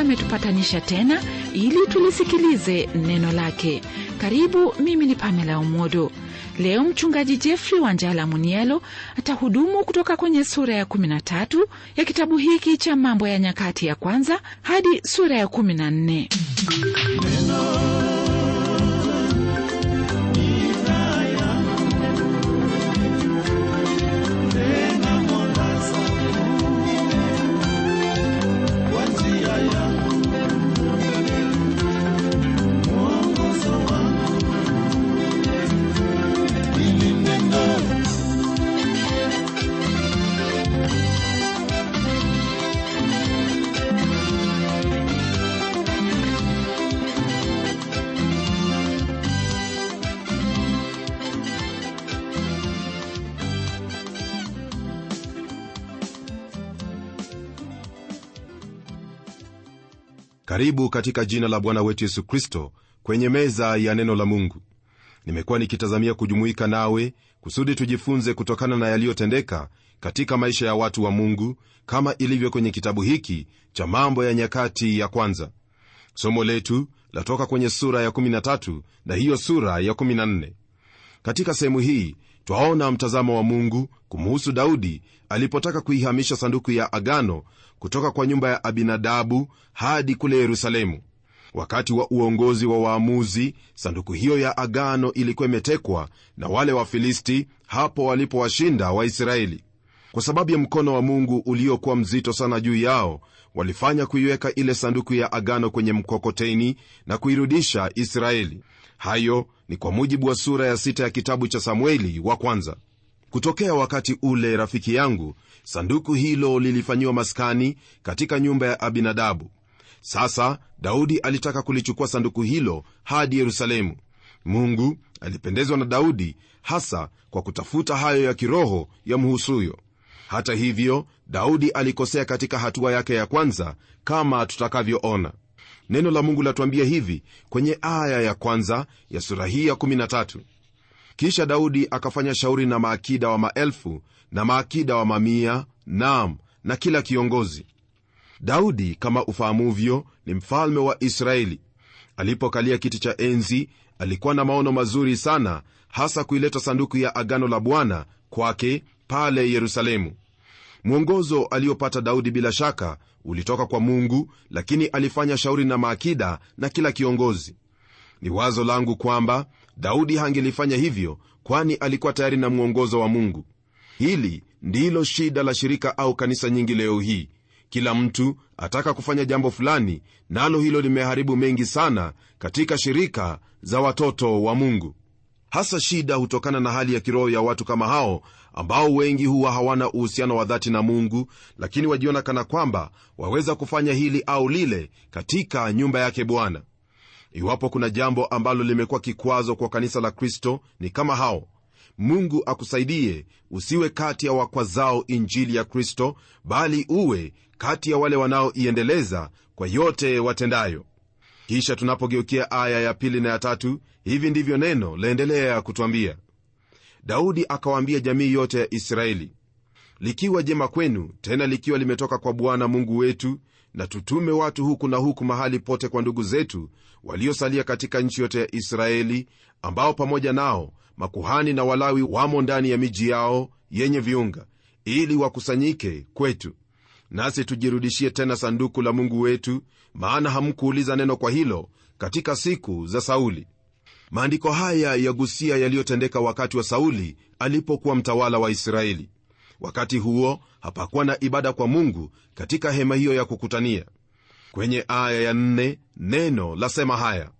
ametupatanisha tena ili tulisikilize neno lake. Karibu, mimi ni Pamela umodo Leo mchungaji Jeffrey njala Munielo atahudumu kutoka kwenye sura ya 13 ya kitabu hiki cha Mambo ya Nyakati ya Kwanza hadi sura ya 14. karibu katika jina la bwana wetu yesu kristo kwenye meza ya neno la mungu nimekuwa nikitazamia kujumuika nawe kusudi tujifunze kutokana na yaliyotendeka katika maisha ya watu wa mungu kama ilivyo kwenye kitabu hiki cha mambo ya nyakati ya kwanza somo letu latoka kwenye sura ya 13 na hiyo sura ya 14 katika sehemu hii twaona mtazamo wa mungu kumuhusu daudi alipotaka kuihamisha sanduku ya agano kutoka kwa nyumba ya abinadabu hadi kule yerusalemu wakati wa uongozi wa waamuzi sanduku hiyo ya agano ilikuwa imetekwa na wale wafilisti hapo walipowashinda waisraeli kwa sababu ya mkono wa mungu uliokuwa mzito sana juu yao walifanya kuiweka ile sanduku ya agano kwenye mkokoteni na kuirudisha israeli hayo ni kwa mujibu wa sura ya sita ya kitabu cha samueli wa kwanza kutokea wakati ule rafiki yangu sanduku hilo lilifanyiwa maskani katika nyumba ya abinadabu sasa daudi alitaka kulichukua sanduku hilo hadi yerusalemu mungu alipendezwa na daudi hasa kwa kutafuta hayo ya kiroho ya mhusuyo hata hivyo daudi alikosea katika hatua yake ya kwanza kama tutakavyoona neno la mungu latuambia hivi kwenye aya ya kwanza ya sura hii ya 13 kisha daudi akafanya shauri na maakida wa maelfu na maakida wa mamia nam na kila kiongozi daudi kama ufahamuvyo ni mfalme wa israeli alipokalia kiti cha enzi alikuwa na maono mazuri sana hasa kuileta sanduku ya agano la bwana kwake pale yerusalemu mwongozo aliopata daudi bila shaka ulitoka kwa mungu lakini alifanya shauri na maakida na kila kiongozi ni wazo langu kwamba daudi hangelifanya hivyo kwani alikuwa tayari na mwongozo wa mungu hili ndilo shida la shirika au kanisa nyingi leo hii kila mtu ataka kufanya jambo fulani nalo na hilo limeharibu mengi sana katika shirika za watoto wa mungu hasa shida hutokana na hali ya kiroho ya watu kama hao ambao wengi huwa hawana uhusiano wa dhati na mungu lakini wajiona kana kwamba waweza kufanya hili au lile katika nyumba yake bwana iwapo kuna jambo ambalo limekuwa kikwazo kwa kanisa la kristo ni kama hao mungu akusaidie usiwe kati ya wakwazao injili ya kristo bali uwe kati ya wale wanaoiendeleza kwa yote watendayo kisha tunapogeukia aya ya pili na ya tatu hivi ndivyo neno laendelea kutwambia daudi akawaambia jamii yote ya israeli likiwa jema kwenu tena likiwa limetoka kwa bwana mungu wetu na tutume watu huku na huku mahali pote kwa ndugu zetu waliosalia katika nchi yote ya israeli ambao pamoja nao makuhani na walawi wamo ndani ya miji yao yenye viunga ili wakusanyike kwetu nasi tujirudishie tena sanduku la mungu wetu maana hamkuuliza neno kwa hilo katika siku za sauli maandiko haya yagusia yaliyotendeka wakati wa sauli alipokuwa mtawala wa israeli wakati huo hapakuwa na ibada kwa mungu katika hema hiyo ya kukutania kwenye aya ya nne neno lasema haya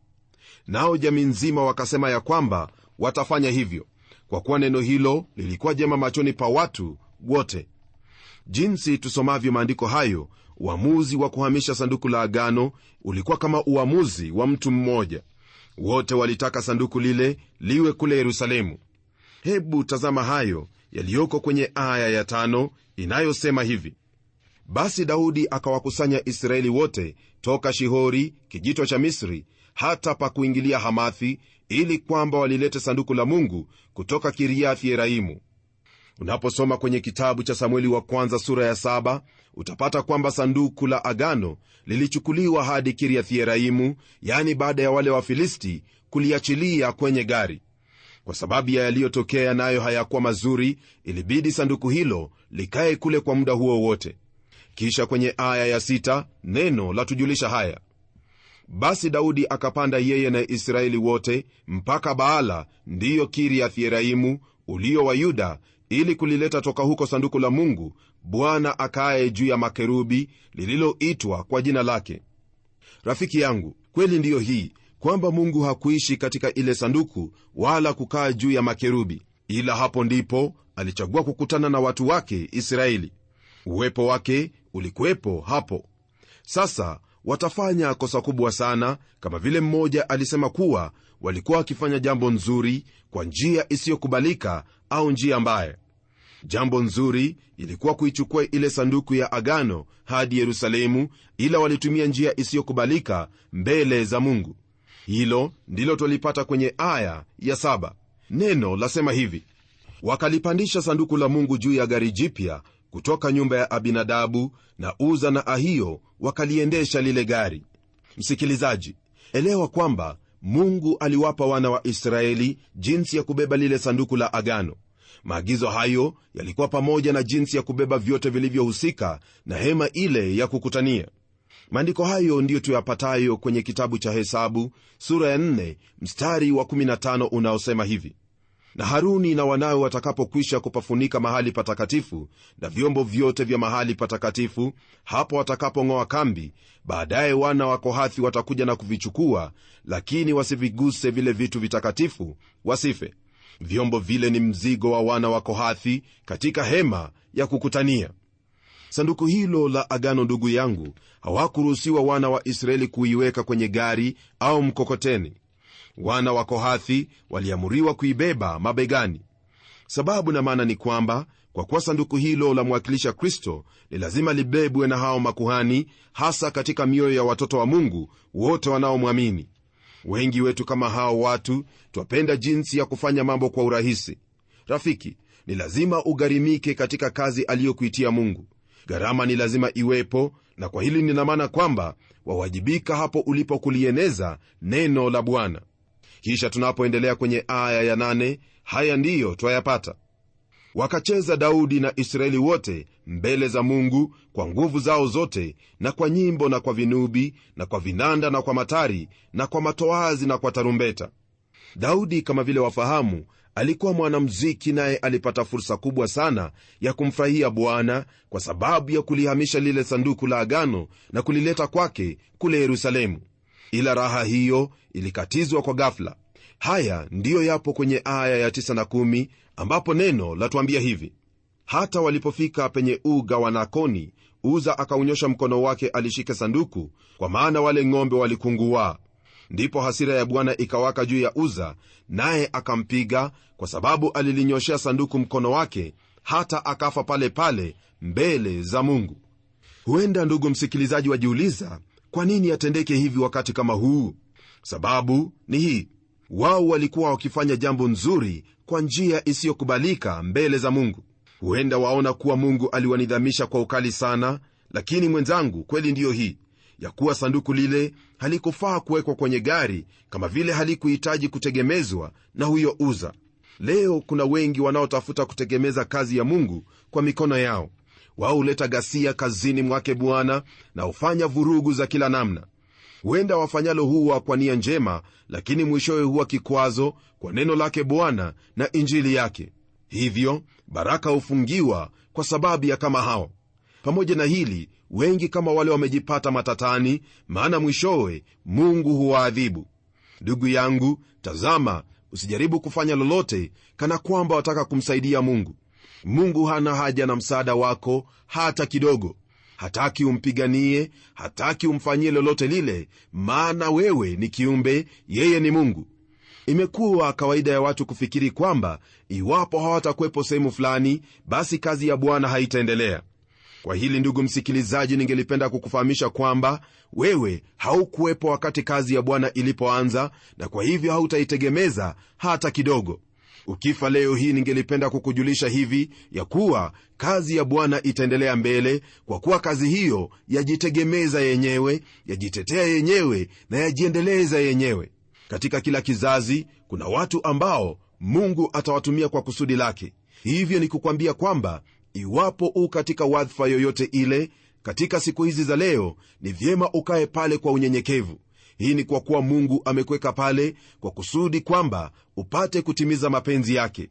nao jamii nzima wakasema ya kwamba watafanya hivyo kwa kuwa neno hilo lilikuwa jema machoni pa watu wote jinsi tusomavyo maandiko hayo uamuzi wa kuhamisha sanduku la agano ulikuwa kama uamuzi wa mtu mmoja wote walitaka sanduku lile liwe kule yerusalemu hebu tazama hayo yaliyoko kwenye aya ya tano inayosema hivi basi daudi akawakusanya israeli wote toka shihori kijito cha misri hata pa kuingilia hamathi ili kwamba walilete sanduku la mungu kutoka kiriathi yeraimu unaposoma kwenye kitabu cha samueli wa kwanza sura ya saba, utapata kwamba sanduku la agano lilichukuliwa hadi kiriathieraimu yani baada ya wale wafilisti kuliachilia kwenye gari kwa sababu ya yaliyotokea nayo hayakuwa mazuri ilibidi sanduku hilo likaye kule kwa muda huo wote kisha kwenye aya ya sita, neno latujulisha haya basi daudi akapanda yeye na israeli wote mpaka baala ndiyo kiriathieraimu ulio wa yuda ili kulileta toka huko sanduku la mungu bwana akaye juu ya makerubi lililoitwa kwa jina lake rafiki yangu kweli ndiyo hii kwamba mungu hakuishi katika ile sanduku wala kukaa juu ya makerubi ila hapo ndipo alichagua kukutana na watu wake israeli uwepo wake ulikuwepo hapo sasa watafanya kosa kubwa sana kama vile mmoja alisema kuwa walikuwa wakifanya jambo nzuri kwa njia isiyokubalika au njia mbaya jambo nzuri ilikuwa kuichukua ile sanduku ya agano hadi yerusalemu ila walitumia njia isiyokubalika mbele za mungu hilo ndilo twalipata kwenye aya ya saba neno lasema hivi wakalipandisha sanduku la mungu juu ya gari jipya kutoka nyumba ya abinadabu na uza na ahiyo wakaliendesha lile gari msikilizaji elewa kwamba mungu aliwapa wana wa israeli jinsi ya kubeba lile sanduku la agano maagizo hayo yalikuwa pamoja na jinsi ya kubeba vyote vilivyohusika na hema ile ya kukutania maandiko hayo ndiyo tuyapatayo kwenye kitabu cha hesabu sura ya 4 mstari wa 15 unaosema hivi na haruni na wanawe watakapokwisha kupafunika mahali patakatifu na vyombo vyote vya mahali patakatifu hapo watakapong'oa kambi baadaye wana wa kohathi watakuja na kuvichukua lakini wasiviguse vile vitu vitakatifu wasife vyombo vile ni mzigo wa wana wa kohathi katika hema ya kukutania sanduku hilo la agano ndugu yangu hawakuruhusiwa wana wa israeli kuiweka kwenye gari au mkokoteni Wana wa Kohathi waliamuriwa kuibeba mabegani. Sababu na maana ni kwamba kwa kuwa sanduku hilo mwakilisha Kristo, ni lazima libebwe na hao makuhani, hasa katika mioyo ya watoto wa Mungu wote wanaomwamini. Wengi wetu kama hao watu twapenda jinsi ya kufanya mambo kwa urahisi. Rafiki, ni lazima ugharimike katika kazi aliyokuitia Mungu. Gharama ni lazima iwepo, na kwa hili ninamaana kwamba wawajibika hapo ulipokulieneza neno la Bwana kisha tunapoendelea kwenye aya ya nane, haya ndiyo twayapata wakacheza daudi na israeli wote mbele za mungu kwa nguvu zao zote na kwa nyimbo na kwa vinubi na kwa vinanda na kwa matari na kwa matoazi na kwa tarumbeta daudi kama vile wafahamu alikuwa mwanamziki naye alipata fursa kubwa sana ya kumfurahia bwana kwa sababu ya kulihamisha lile sanduku la agano na kulileta kwake kule yerusalemu ila raha hiyo ilikatizwa kwa ghafla. Haya ndiyo yapo kwenye aya ya 91 na ambapo neno latuambia hivi: hata walipofika penye uga wa Nakoni, Uza akaunyosha mkono wake, alishike sanduku, kwa maana wale ng'ombe walikunguaa. Ndipo hasira ya Bwana ikawaka juu ya Uza, naye akampiga kwa sababu alilinyoshea sanduku mkono wake, hata akafa pale pale mbele za Mungu. Huenda ndugu msikilizaji, wajiuliza kwa nini yatendeke hivi wakati kama huu sababu ni hii wao walikuwa wakifanya jambo nzuri kwa njia isiyokubalika mbele za mungu huenda waona kuwa mungu aliwanidhamisha kwa ukali sana lakini mwenzangu kweli ndiyo hii ya kuwa sanduku lile halikufaa kuwekwa kwenye gari kama vile halikuhitaji kutegemezwa na huyo uza leo kuna wengi wanaotafuta kutegemeza kazi ya mungu kwa mikono yao wao huleta ghasia kazini mwake bwana na hufanya vurugu za kila namna huenda wafanyalo huwa kwa nia njema lakini mwishowe huwa kikwazo kwa neno lake bwana na injili yake hivyo baraka hufungiwa kwa sababu ya kama hao pamoja na hili wengi kama wale wamejipata matatani maana mwishowe mungu huwaadhibu ndugu yangu tazama usijaribu kufanya lolote kana kwamba wataka kumsaidia mungu mungu hana haja na msaada wako hata kidogo hataki umpiganie hataki umfanyie lolote lile maana wewe ni kiumbe yeye ni mungu imekuwa kawaida ya watu kufikiri kwamba iwapo hawatakuwepo sehemu fulani basi kazi ya bwana haitaendelea kwa hili ndugu msikilizaji ningelipenda kukufahamisha kwamba wewe haukuwepo wakati kazi ya bwana ilipoanza na kwa hivyo hautaitegemeza hata kidogo ukifa leo hii ningelipenda kukujulisha hivi ya kuwa kazi ya bwana itaendelea mbele kwa kuwa kazi hiyo yajitegemeza yenyewe yajitetea yenyewe na yajiendeleza yenyewe katika kila kizazi kuna watu ambao mungu atawatumia kwa kusudi lake hivyo ni kukwambia kwamba iwapo u katika wadhifa yoyote ile katika siku hizi za leo ni vyema ukaye pale kwa unyenyekevu hii ni kwa kuwa mungu amekweka pale kwa kusudi kwamba upate kutimiza mapenzi yake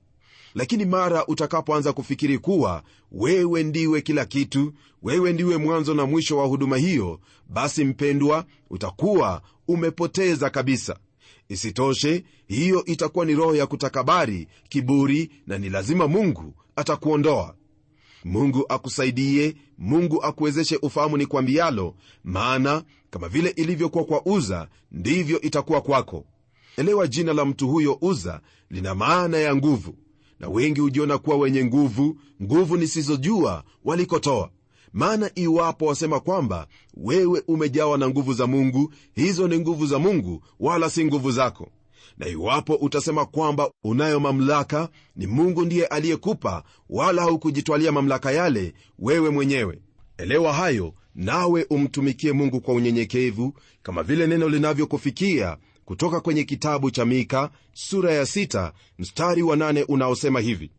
lakini mara utakapoanza kufikiri kuwa wewe ndiwe kila kitu wewe ndiwe mwanzo na mwisho wa huduma hiyo basi mpendwa utakuwa umepoteza kabisa isitoshe hiyo itakuwa ni roho ya kutakabari kiburi na ni lazima mungu atakuondoa mungu akusaidie mungu akuwezeshe ufahamu ni kwambialo maana kama vile ilivyokuwa kwa uza ndivyo itakuwa kwako elewa jina la mtu huyo uza lina maana ya nguvu na wengi hujiona kuwa wenye nguvu nguvu nisizojua walikotoa maana iwapo wasema kwamba wewe umejawa na nguvu za mungu hizo ni nguvu za mungu wala si nguvu zako na iwapo utasema kwamba unayo mamlaka, ni Mungu ndiye aliyekupa, wala haukujitwalia mamlaka yale wewe mwenyewe. Elewa hayo, nawe umtumikie Mungu kwa unyenyekevu, kama vile neno linavyokufikia kutoka kwenye kitabu cha Mika sura ya sita mstari wa nane unaosema hivi: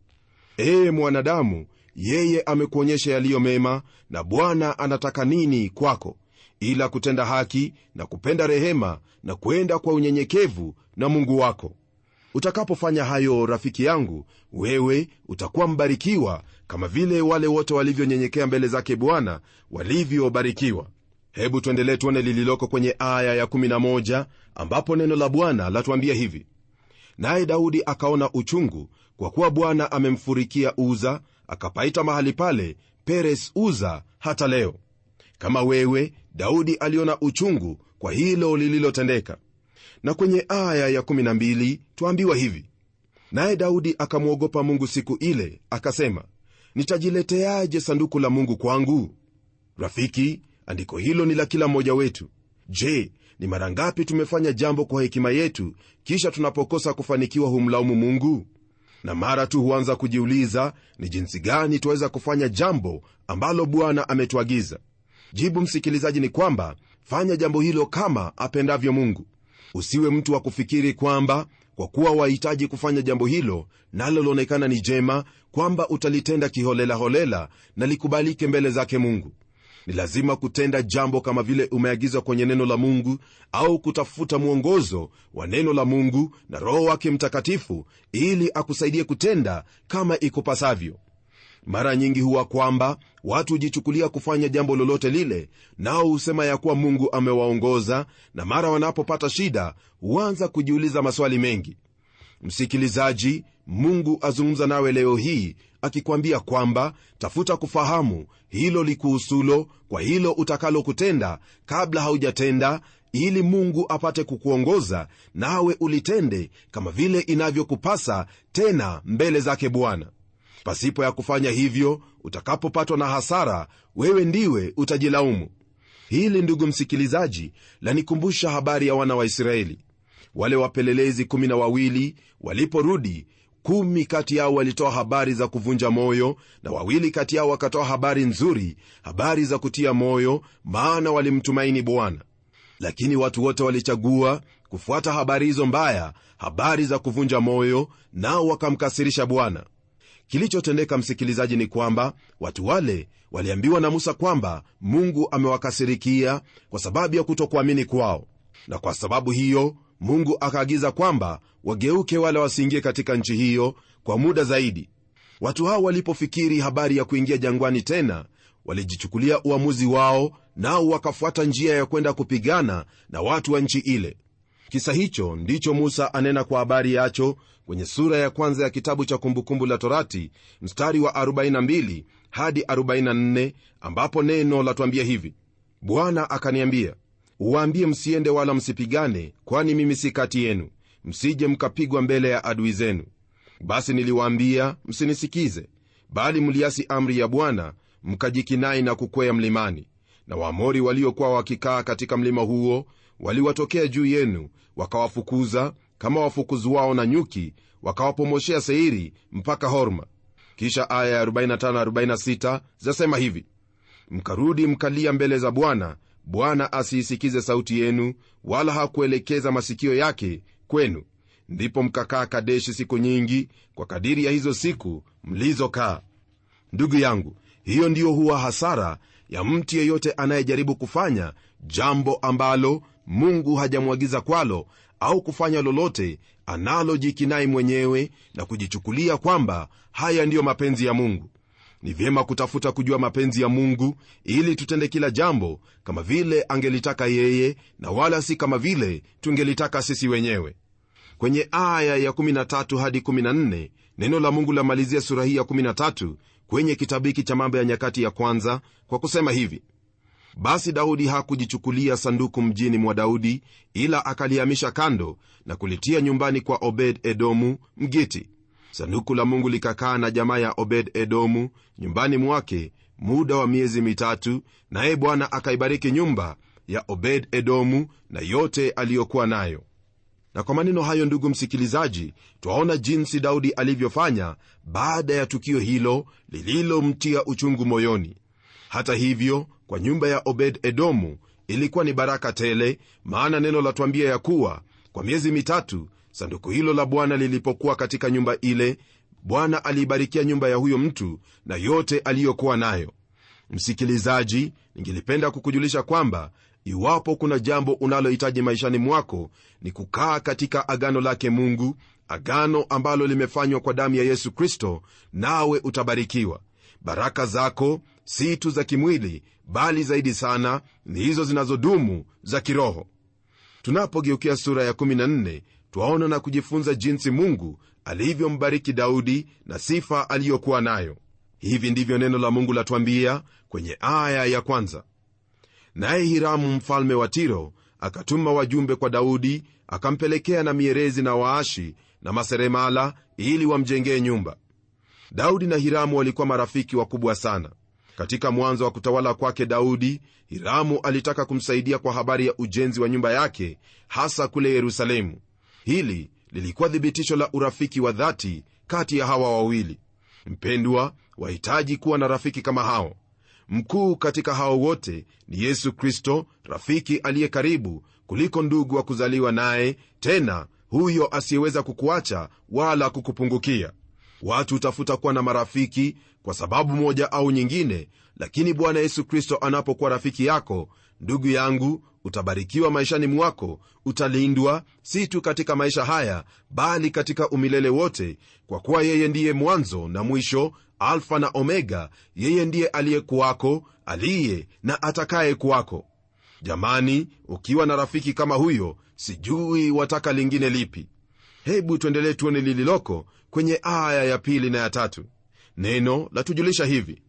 Ee mwanadamu, yeye amekuonyesha yaliyo mema, na Bwana anataka nini kwako? ila kutenda haki na kupenda rehema na kwenda kwa unyenyekevu na Mungu wako. Utakapofanya hayo, rafiki yangu, wewe utakuwa mbarikiwa, kama vile wale wote walivyonyenyekea mbele zake Bwana walivyobarikiwa. Hebu tuendelee tuone lililoko kwenye aya ya 11 ambapo neno la Bwana latuambia hivi: naye Daudi akaona uchungu kwa kuwa Bwana amemfurikia Uza, akapaita mahali pale Peres Uza hata leo kama wewe daudi aliona uchungu kwa hilo lililotendeka na kwenye aya ya 12 twambiwa hivi naye daudi akamwogopa mungu siku ile akasema nitajileteaje sanduku la mungu kwangu rafiki andiko hilo ni la kila mmoja wetu je ni mara ngapi tumefanya jambo kwa hekima yetu kisha tunapokosa kufanikiwa humlaumu mungu na mara tu huanza kujiuliza ni jinsi gani twaweza kufanya jambo ambalo bwana ametuagiza Jibu msikilizaji ni kwamba fanya jambo hilo kama apendavyo Mungu. Usiwe mtu wa kufikiri kwamba kwa kuwa wahitaji kufanya jambo hilo nalo lionekana ni jema, kwamba utalitenda kiholelaholela na likubalike mbele zake Mungu. Ni lazima kutenda jambo kama vile umeagizwa kwenye neno la Mungu au kutafuta mwongozo wa neno la Mungu na Roho wake Mtakatifu ili akusaidie kutenda kama ikupasavyo mara nyingi huwa kwamba watu hujichukulia kufanya jambo lolote lile nao husema ya kuwa mungu amewaongoza na mara wanapopata shida huanza kujiuliza maswali mengi msikilizaji mungu azungumza nawe leo hii akikwambia kwamba tafuta kufahamu hilo likuhusulo kwa hilo utakalokutenda kabla haujatenda ili mungu apate kukuongoza nawe ulitende kama vile inavyokupasa tena mbele zake bwana Pasipo ya kufanya hivyo, utakapopatwa na hasara, wewe ndiwe utajilaumu. Hili, ndugu msikilizaji, lanikumbusha habari ya wana wa Israeli. Wale wapelelezi kumi na wawili waliporudi, kumi kati yao walitoa habari za kuvunja moyo na wawili kati yao wakatoa habari nzuri, habari za kutia moyo, maana walimtumaini Bwana. Lakini watu wote walichagua kufuata habari hizo mbaya, habari za kuvunja moyo, nao wakamkasirisha Bwana kilichotendeka msikilizaji ni kwamba watu wale waliambiwa na musa kwamba mungu amewakasirikia kwa sababu ya kutokuamini kwao na kwa sababu hiyo mungu akaagiza kwamba wageuke wala wasiingie katika nchi hiyo kwa muda zaidi watu hao walipofikiri habari ya kuingia jangwani tena walijichukulia uamuzi wao nao wakafuata njia ya kwenda kupigana na watu wa nchi ile kisa hicho ndicho musa anena kwa habari yacho kwenye sura ya kwanza ya kitabu cha kumbukumbu la torati mstari wa 42 hadi 44 ambapo neno latwambia hivi bwana akaniambia uwaambie msiende wala msipigane kwani mimi si kati yenu msije mkapigwa mbele ya adui zenu basi niliwaambia msinisikize bali mliasi amri ya bwana mkajikinai na kukwea mlimani na waamori waliokuwa wakikaa katika mlima huo waliwatokea juu yenu wakawafukuza kama wafukuzi wao na nyuki wakawapomoshea seiri mpaka horma kisha aya 45-46 zasema hivi mkarudi mkalia mbele za bwana bwana asiisikize sauti yenu wala hakuelekeza masikio yake kwenu ndipo mkakaa kadeshi siku nyingi kwa kadiri ya hizo siku mlizokaa ndugu yangu hiyo ndiyo huwa hasara ya mtu yeyote anayejaribu kufanya jambo ambalo mungu hajamwagiza kwalo au kufanya loloje analojikinai mwenyewe na kujichukulia kwamba haya ndiyo mapenzi ya mungu ni vyema kutafuta kujua mapenzi ya mungu ili tutende kila jambo kama vile angelitaka yeye na wala si kama vile tungelitaka sisi wenyewe kwenye aya ya 13 hadi 14 neno la mungu lamalizia sura hii ya 13 kwenye kitabu hiki cha mambo ya nyakati ya kwanza kwa kusema hivi basi daudi hakujichukulia sanduku mjini mwa daudi ila akalihamisha kando na kulitia nyumbani kwa obed edomu mgiti sanduku la mungu likakaa na jamaa ya obed edomu nyumbani mwake muda wa miezi mitatu naye bwana akaibariki nyumba ya obed edomu na yote aliyokuwa nayo na kwa maneno hayo ndugu msikilizaji twaona jinsi daudi alivyofanya baada ya tukio hilo lililomtia uchungu moyoni hata hivyo kwa nyumba ya Obed Edomu ilikuwa ni baraka tele, maana neno la twambia ya kuwa kwa miezi mitatu sanduku hilo la Bwana lilipokuwa katika nyumba ile, Bwana aliibarikia nyumba ya huyo mtu na yote aliyokuwa nayo. Msikilizaji, ningelipenda kukujulisha kwamba iwapo kuna jambo unalohitaji maishani mwako ni kukaa katika agano lake Mungu, agano ambalo limefanywa kwa damu ya Yesu Kristo, nawe utabarikiwa. Baraka zako, si tu za kimwili bali zaidi sana ni hizo zinazodumu za kiroho tunapogeukia sura ya 14 twaona na kujifunza jinsi mungu alivyombariki daudi na sifa aliyokuwa nayo hivi ndivyo neno la mungu latwambia kwenye aya ya kwanza naye hiramu mfalme wa tiro akatuma wajumbe kwa daudi akampelekea na mierezi na waashi na maseremala ili wamjengee nyumba daudi na hiramu walikuwa marafiki wakubwa sana katika mwanzo wa kutawala kwake daudi hiramu alitaka kumsaidia kwa habari ya ujenzi wa nyumba yake hasa kule yerusalemu hili lilikuwa thibitisho la urafiki wa dhati kati ya hawa wawili mpendwa wahitaji kuwa na rafiki kama hao mkuu katika hao wote ni yesu kristo rafiki aliye karibu kuliko ndugu wa kuzaliwa naye tena huyo asiyeweza kukuacha wala kukupungukia Watu hutafuta kuwa na marafiki kwa sababu moja au nyingine, lakini Bwana Yesu Kristo anapokuwa rafiki yako, ndugu yangu, utabarikiwa maishani mwako, utalindwa si tu katika maisha haya, bali katika umilele wote, kwa kuwa yeye ndiye mwanzo na mwisho, Alfa na Omega. Yeye ndiye aliyekuwako, aliye na atakaye kuwako. Jamani, ukiwa na rafiki kama huyo, sijui wataka lingine lipi? Hebu tuendelee tuone lililoko kwenye aya ya pili na ya tatu neno latujulisha hivi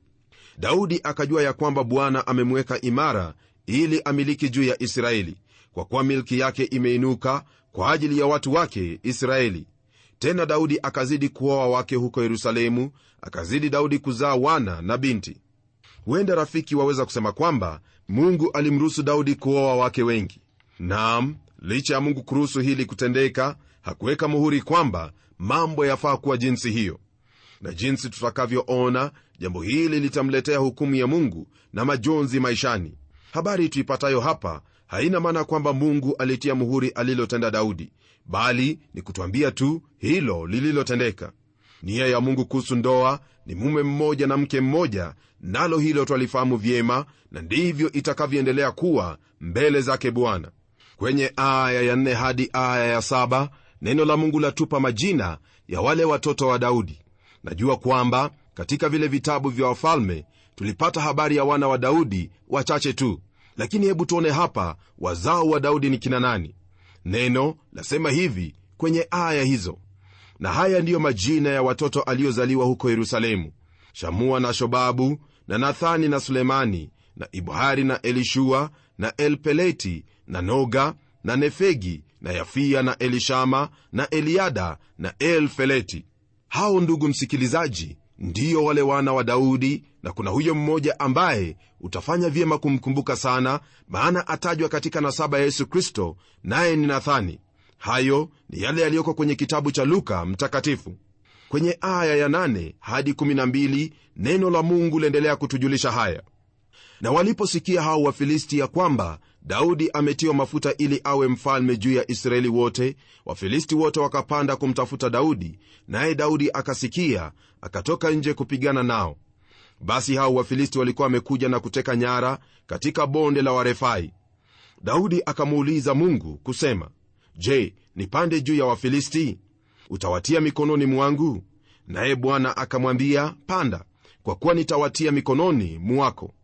daudi akajua ya kwamba bwana amemweka imara ili amiliki juu ya israeli kwa kuwa milki yake imeinuka kwa ajili ya watu wake israeli tena daudi akazidi kuoa wake huko yerusalemu akazidi daudi kuzaa wana na binti huenda rafiki waweza kusema kwamba mungu alimruhusu daudi kuoa wake wengi nam licha ya mungu kuruhusu hili kutendeka hakuweka muhuri kwamba mambo yafaa kuwa jinsi hiyo na jinsi tutakavyoona jambo hili litamletea hukumu ya mungu na majonzi maishani habari tuipatayo hapa haina maana kwamba mungu alitia muhuri alilotenda daudi bali ni kutwambia tu hilo lililotendeka nia ya mungu kuhusu ndoa ni mume mmoja na mke mmoja nalo hilo twalifahamu vyema na ndivyo itakavyoendelea kuwa mbele zake bwana kwenye aya ya 4 hadi aya ya 7 neno la Mungu latupa majina ya wale watoto wa Daudi. Najua kwamba katika vile vitabu vya wafalme tulipata habari ya wana wa Daudi wachache tu, lakini hebu tuone hapa wazao wa Daudi ni kina nani. Neno lasema hivi kwenye aya hizo, na haya ndiyo majina ya watoto aliozaliwa huko Yerusalemu: Shamua na Shobabu na Nathani na Sulemani na Ibhari na Elishua na Elpeleti na Noga na Nefegi na yafia na elishama na eliada na elfeleti hao ndugu msikilizaji ndiyo wale wana wa daudi na kuna huyo mmoja ambaye utafanya vyema kumkumbuka sana maana atajwa katika nasaba ya yesu kristo naye ni nathani hayo ni yale yaliyoko kwenye kitabu cha luka mtakatifu kwenye aya ya 8 hadi 12 neno la mungu liendelea kutujulisha haya na waliposikia hao wafilisti ya kwamba daudi ametiwa mafuta ili awe mfalme juu ya israeli wote wafilisti wote wakapanda kumtafuta daudi naye daudi akasikia akatoka nje kupigana nao basi hao wafilisti walikuwa wamekuja na kuteka nyara katika bonde la warefai daudi akamuuliza mungu kusema je nipande juu ya wafilisti utawatia mikononi mwangu naye bwana akamwambia panda kwa kuwa nitawatia mikononi mwako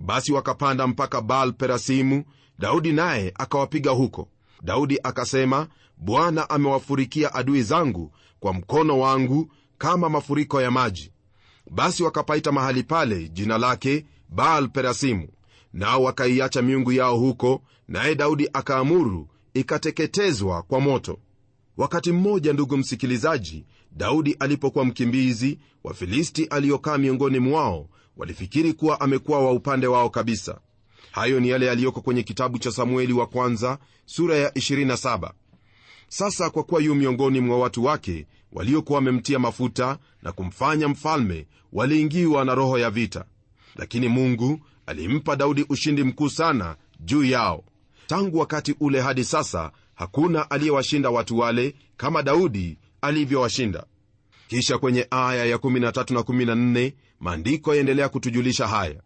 basi wakapanda mpaka baal perasimu daudi naye akawapiga huko daudi akasema bwana amewafurikia adui zangu kwa mkono wangu kama mafuriko ya maji basi wakapaita mahali pale jina lake baal perasimu nao wakaiacha miungu yao huko naye daudi akaamuru ikateketezwa kwa moto wakati mmoja ndugu msikilizaji daudi alipokuwa mkimbizi wafilisti aliyokaa miongoni mwao walifikiri kuwa amekuwa wa upande wao kabisa hayo ni yale yaliyoko kwenye kitabu cha samueli wa kwanza sura ya 27 sasa kwa kuwa yu miongoni mwa watu wake waliokuwa wamemtia mafuta na kumfanya mfalme waliingiwa na roho ya vita lakini mungu alimpa daudi ushindi mkuu sana juu yao tangu wakati ule hadi sasa hakuna aliyewashinda watu wale kama daudi alivyowashinda kisha kwenye aya ya 13 na 14 maandiko yaendelea kutujulisha haya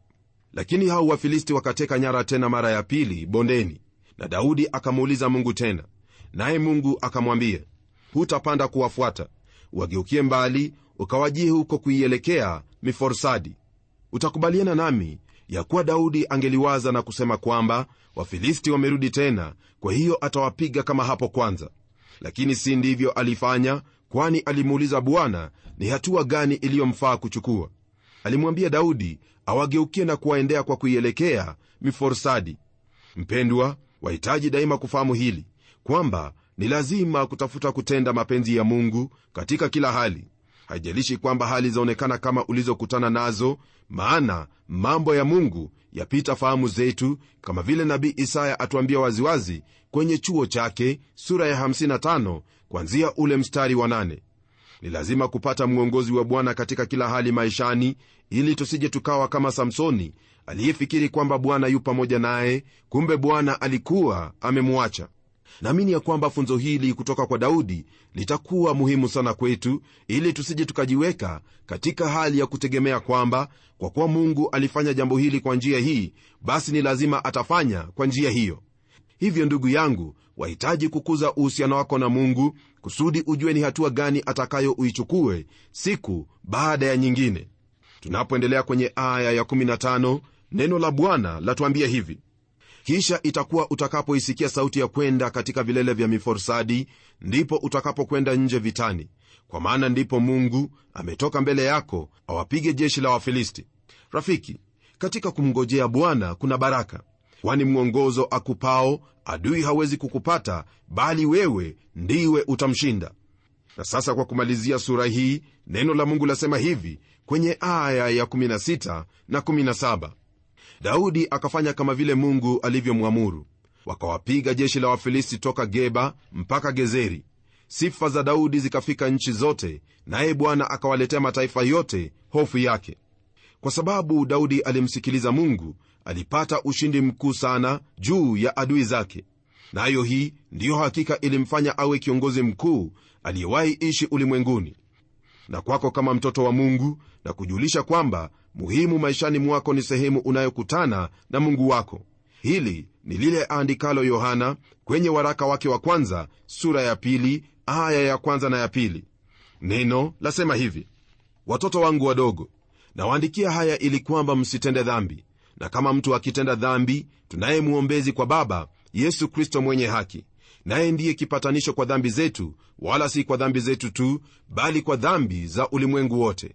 lakini hao wafilisti wakateka nyara tena mara ya pili bondeni na daudi akamuuliza mungu tena naye mungu akamwambia hutapanda kuwafuata wageukie mbali ukawajie huko kuielekea miforsadi utakubaliana nami ya kuwa daudi angeliwaza na kusema kwamba wafilisti wamerudi tena kwa hiyo atawapiga kama hapo kwanza lakini si ndivyo alifanya kwani alimuuliza Bwana ni hatua gani iliyomfaa kuchukua. Alimwambia Daudi awageukie na kuwaendea kwa kuielekea miforsadi. Mpendwa, wahitaji daima kufahamu hili kwamba ni lazima kutafuta kutenda mapenzi ya Mungu katika kila hali, haijalishi kwamba hali zaonekana kama ulizokutana nazo, maana mambo ya Mungu yapita fahamu zetu, kama vile Nabii Isaya atuambia waziwazi kwenye chuo chake sura ya 55 kuanzia ule mstari wa nane ni lazima kupata mwongozi wa bwana katika kila hali maishani ili tusije tukawa kama samsoni aliyefikiri kwamba bwana yu pamoja naye kumbe bwana alikuwa amemwacha naamini ya kwamba funzo hili kutoka kwa daudi litakuwa muhimu sana kwetu ili tusije tukajiweka katika hali ya kutegemea kwamba kwa kuwa mungu alifanya jambo hili kwa njia hii basi ni lazima atafanya kwa njia hiyo hivyo ndugu yangu wahitaji kukuza uhusiano wako na mungu kusudi ujue ni hatua gani atakayo uichukue siku baada ya nyingine tunapoendelea kwenye aya ya15 neno la bwana latuambia hivi kisha itakuwa utakapoisikia sauti ya kwenda katika vilele vya miforsadi ndipo utakapokwenda nje vitani kwa maana ndipo mungu ametoka mbele yako awapige jeshi la wafilisti rafiki katika kumngojea bwana kuna baraka kwani mwongozo akupao adui hawezi kukupata bali wewe ndiwe utamshinda na sasa kwa kumalizia sura hii neno la mungu lasema hivi kwenye aya ya 16 na 17 daudi akafanya kama vile mungu alivyomwamuru wakawapiga jeshi la wafilisti toka geba mpaka gezeri sifa za daudi zikafika nchi zote naye bwana akawaletea mataifa yote hofu yake kwa sababu daudi alimsikiliza mungu alipata ushindi mkuu sana juu ya adui zake nayo na hii ndiyo hakika ilimfanya awe kiongozi mkuu aliyewahi ishi ulimwenguni na kwako kama mtoto wa mungu na kujulisha kwamba muhimu maishani mwako ni sehemu unayokutana na mungu wako hili ni lile aandikalo yohana kwenye waraka wake wa kwanza sura ya pili aya ya kwanza na ya pili neno lasema hivi watoto wangu wadogo nawaandikia haya ili kwamba msitende dhambi na kama mtu akitenda dhambi tunaye mwombezi kwa baba yesu kristo mwenye haki naye ndiye kipatanisho kwa dhambi zetu wala si kwa dhambi zetu tu bali kwa dhambi za ulimwengu wote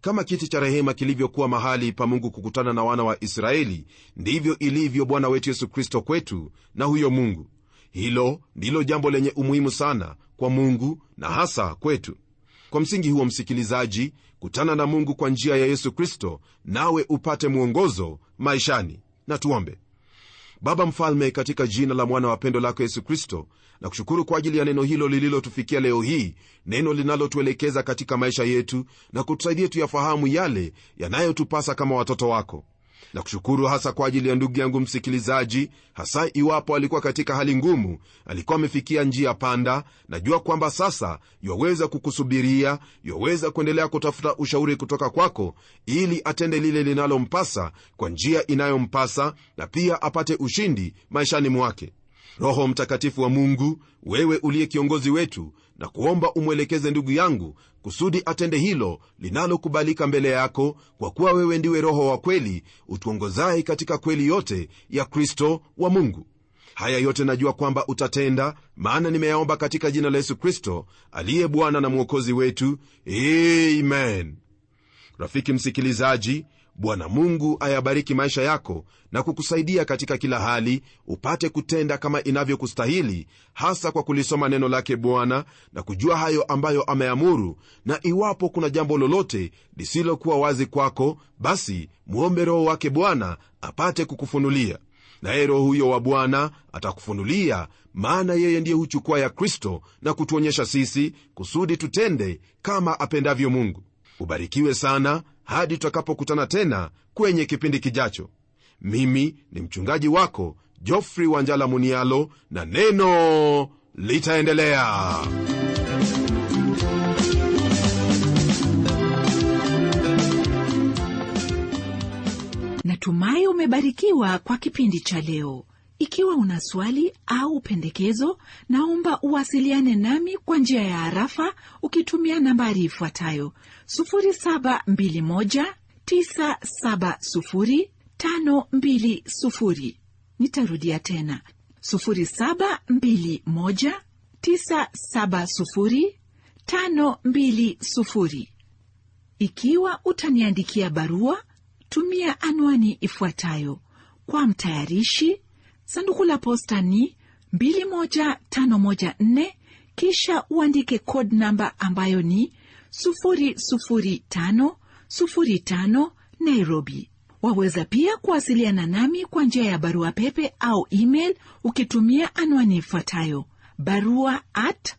kama kiti cha rehema kilivyokuwa mahali pa mungu kukutana na wana wa israeli ndivyo ilivyo bwana wetu yesu kristo kwetu na huyo mungu hilo ndilo jambo lenye umuhimu sana kwa mungu na hasa kwetu kwa msingi huo msikilizaji kutana na mungu kwa njia ya yesu kristo nawe upate mwongozo maishani na tuombe baba mfalme katika jina la mwana wa pendo lako yesu kristo na kushukuru kwa ajili ya neno hilo lililotufikia leo hii neno linalotuelekeza katika maisha yetu na kutusaidia tuyafahamu yale yanayotupasa kama watoto wako na kushukuru hasa kwa ajili ya ndugu yangu msikilizaji hasa iwapo alikuwa katika hali ngumu alikuwa amefikia njia panda najua kwamba sasa yaweza kukusubiria yaweza kuendelea kutafuta ushauri kutoka kwako ili atende lile linalompasa kwa njia inayompasa na pia apate ushindi maishani mwake roho mtakatifu wa mungu wewe uliye kiongozi wetu na kuomba umwelekeze ndugu yangu kusudi atende hilo linalokubalika mbele yako kwa kuwa wewe ndiwe roho wa kweli utuongozaye katika kweli yote ya kristo wa mungu haya yote najua kwamba utatenda maana nimeyaomba katika jina la yesu kristo aliye bwana na mwokozi wetu amen rafiki msikilizaji bwana mungu ayabariki maisha yako na kukusaidia katika kila hali upate kutenda kama inavyokustahili hasa kwa kulisoma neno lake bwana na kujua hayo ambayo ameamuru na iwapo kuna jambo lolote lisilokuwa wazi kwako basi mwombe roho wake bwana apate kukufunulia naye roho huyo wa bwana atakufunulia maana yeye ndiye huchukua ya kristo na kutuonyesha sisi kusudi tutende kama apendavyo mungu ubarikiwe sana hadi tutakapokutana tena kwenye kipindi kijacho mimi ni mchungaji wako jofri wanjala munialo na neno litaendelea natumai umebarikiwa kwa kipindi cha leo ikiwa una swali au pendekezo, naomba uwasiliane nami kwa njia ya arafa ukitumia nambari ifuatayo 0721970520. Nitarudia tena 0721970520. Ikiwa utaniandikia barua, tumia anwani ifuatayo: kwa mtayarishi Sanduku la posta ni 21514 kisha uandike code namba ambayo ni 00505 Nairobi. Waweza pia kuwasiliana nami kwa njia ya barua pepe au email ukitumia anwani ifuatayo barua at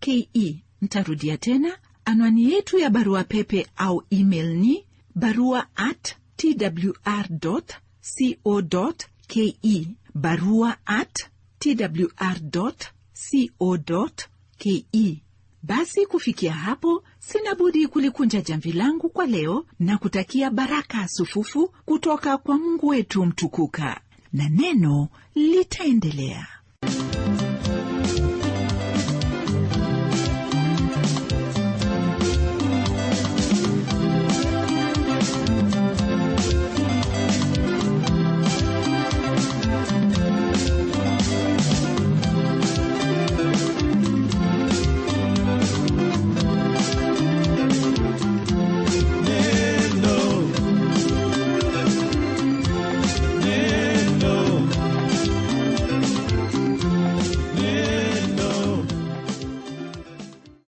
ke Ntarudia tena anwani yetu ya barua pepe au email ni barua at twr.co.ke, barua at twr.co.ke. Basi kufikia hapo, sina budi kulikunja jamvi langu kwa leo na kutakia baraka sufufu kutoka kwa Mungu wetu mtukuka, na neno litaendelea.